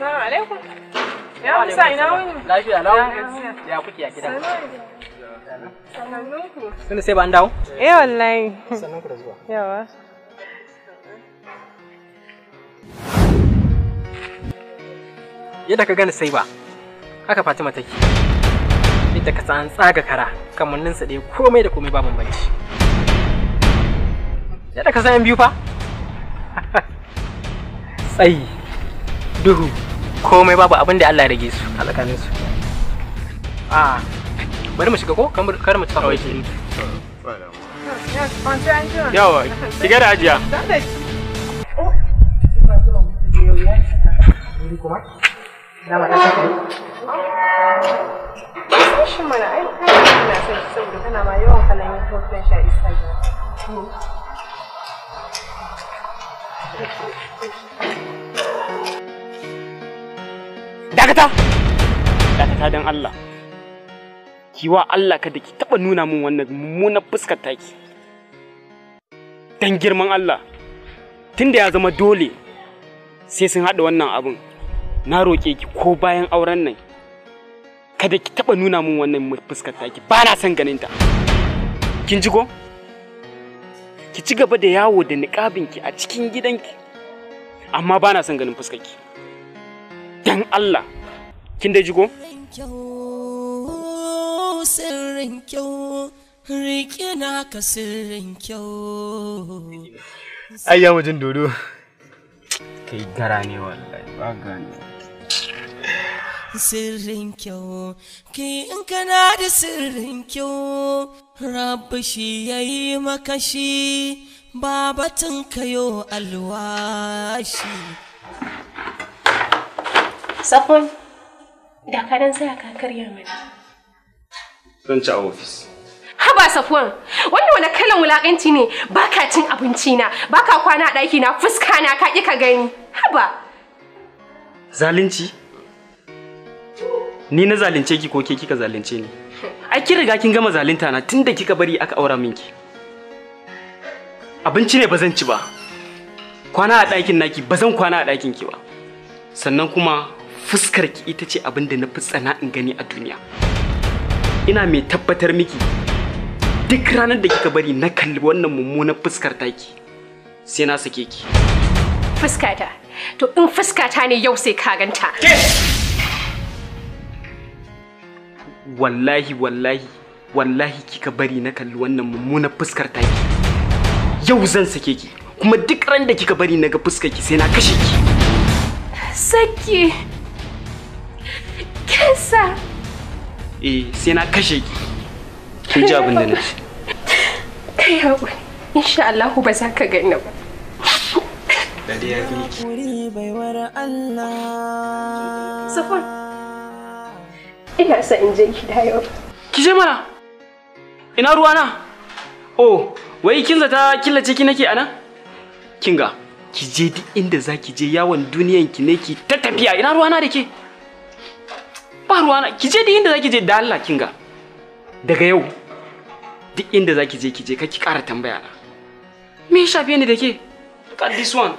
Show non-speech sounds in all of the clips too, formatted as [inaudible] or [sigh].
Assalamu alaikum. Ya Musa ina wuni? Lafiya Ya kuke a ku. Tunda sai ba an dawo? Eh wallahi. ku da zuwa. Yawa. Yadda ka gani sai ba, haka Fatima take. Yadda ka san tsaga kara, kamanninsa ɗaya komai da komai ba bambanci. Yadda ka san yan biyu fa? [laughs] Tsayi, duhu, komai babu abin da Allah ya rage su a tsakanin su a ah. bari mu shiga ko kar mu tsawai shi yawa shiga da ajiya Thank you. dakata dakata dan Allah kiwa Allah kada ki taba nuna min wannan mummunar fuskar taki dan girman Allah tunda ya zama dole sai sun haɗa wannan abun na roke ki ko bayan auren nan kada ki taba nuna min wannan fuskar taki ba na son ganin ta kin ji ko ki ci gaba da yawo da ki a cikin gidanki amma ba na son ganin fuskarki dan Allah kin dai jigo sirrin kyau rike sirrin kyau ai wajen dodo kai gara ne wallahi ba gani sirrin kyau ki in kana da sirrin kyau rabu shi yayi maka shi babatin kayo alwashi Safon, Da ka dan saya ka karya mana. Zan ci a ofis. Haba safuwan, wanda wani kalan wulakanci ne ba ka cin abinci na, ba ka kwana a ɗaki na fuska na ka ƙi ka gani. Haba. Zalunci? Ni na zalunce ki ko ke kika zalunce ni? Ai kin riga kin gama zalunta na tunda kika bari aka aura minki. Abinci ne ba zan ci ba. Kwana a ɗakin naki ba zan kwana a ɗakin ki ba. Sannan kuma fuskar ki ita ce abin da na fi tsana in gani a duniya ina mai tabbatar miki duk ranar da kika bari na kalli wannan mummunan fuskar taki sai na sake ki fuskata to in fuskata ne yau sai ka ganta wallahi wallahi wallahi kika bari na kalli wannan mummunan fuskar taki yau zan sake ki kuma duk ran da kika bari na ga fuskar ki sai na kashe ki Saki. Kesa. Eh, sai na kashe ki. Kin ji abin da na Kai haƙuri. Insha Allah ba za ka gani ba. Dariya ki. Wuri baiwar Safon. Ina sa in je gida yau. Ki je mana. Ina na Oh, wai kin zata killace ki nake anan? Kinga, ki je duk inda zaki je yawon duniyan ki ne ki ta tafiya ina ruwa na da ke? ba na ki je duk inda zaki je da Allah kin ga daga yau duk inda zaki je ki je ka ki ƙara tambaya na me ya shafe ni da ke look at this one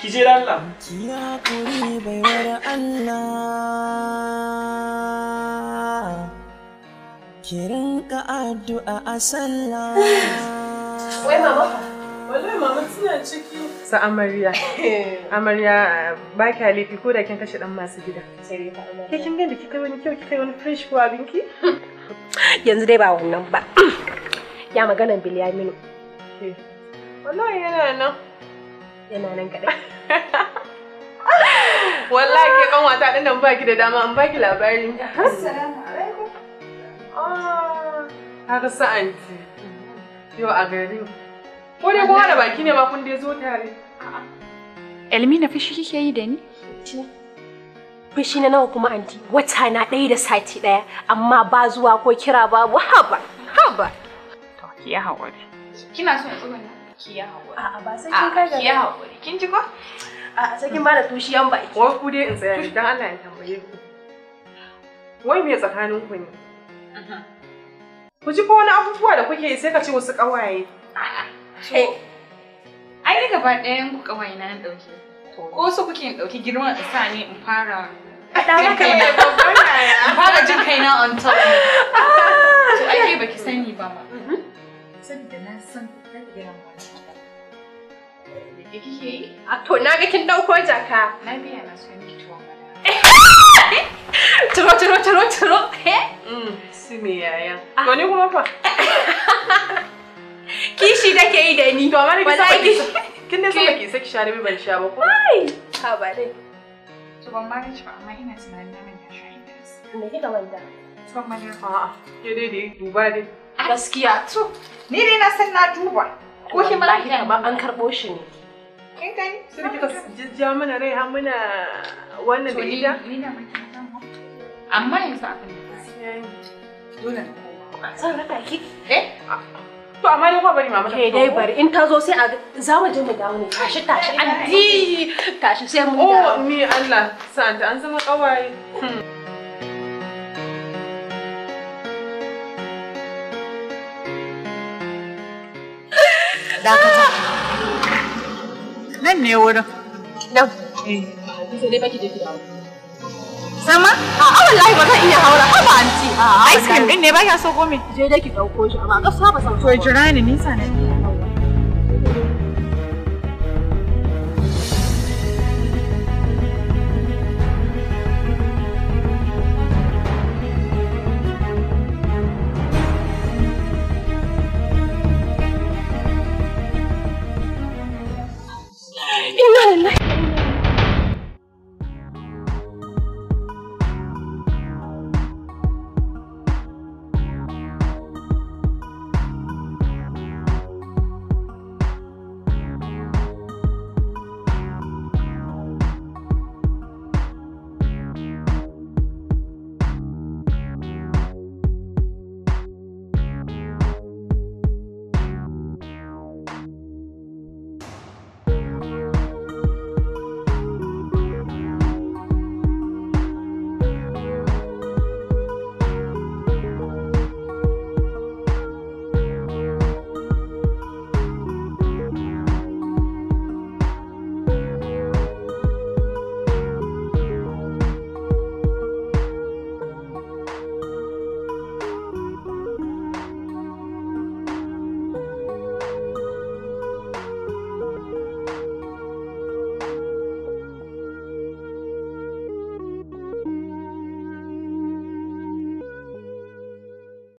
ki je da Allah ki kuri bai baiwar Allah ki rinka addu'a a sallah wai mama suna ciki. Sa amarya. [laughs] Amarya ba ka laifi ko da kin kashe dan masu gida. Ke kin ganda da kika wani kyau kika wani fresh ko abinki? [laughs] Yanzu dai ba wannan ba. [clears throat] Ya magana Bilyaminu. Wallahi yana nan. Yana nan kaɗai. [laughs] Wallahi ke kan wata din nan baki da dama an baki labari. Assalamu alaikum. Ah, har sa'anti. Yau a garin. Ko dai kowa da baki ne ma kun dai zo tare. Elmina shi kike yi da ni? Fishi na nawa kuma anti wata na ɗaya da sati ɗaya amma ba zuwa ko kira babu haba haba. To ki ya haƙuri. Kina so in tsuguna? Ki ya haƙuri. A'a ba sai kin kai ga. Ki ya haƙuri. Kin ji ko? A'a sai kin bada an baki. Wai ku dai in tsaya dan Allah ya tambaye ku. Wai me tsakanin ku ne? Mm-hmm. Ku ji ko wani abubuwa da kuke sai ka ce wasu ƙawaye. A'a. Kai, eh, ai gaba ɗayan ku kawai na ɗauke. Ko su kuke ɗauki girman isa ne in fara faɗa maka ne babban yaya. In fara jin kaina on top. [laughs] Ah. To ake baki sani ba ma. Mm-hmm. Saboda na san ta Da eh, kike yi? A ah, to na ga kin dauko jaka. Na biya na so miki tuwon [laughs] Turo turo turo turo. [laughs] Mm, me yaya. Ko ah. ni kuma fa. kishi da ke yi da ni to ba mara ki baki kin dai saba ki saki share mai ban sha ba ko ai ha ba dai to ban mara ci ba amma ina tunanin na manta shi me kika ban son manya a'a ke dai dai duba dai gaskiya to ni dai na san na duba ko shi ma lafiya ba an karbo shi ne kin gani sun kika jijjiya mana rai har muna wannan da ita amma yanzu abin da dole na koma zan raka ki eh To amma dai kuma bari mama ta fito. dai bari in ta zo sai a za mu je mu dawo. Tashi tashi addi. Tashi sai mu oh, dawo. Oh mi Allah santa an zama kawaye. Hmm. Nan ne wurin. Nan. Eh. Sai dai baki je ki dawo. Sama? A wallahi ba zan iya haura ba ba anti. Ice cream din ne ba ya so ko me? Je dai ki dauko shi amma gaskiya ba san. To jira ni nisa ne.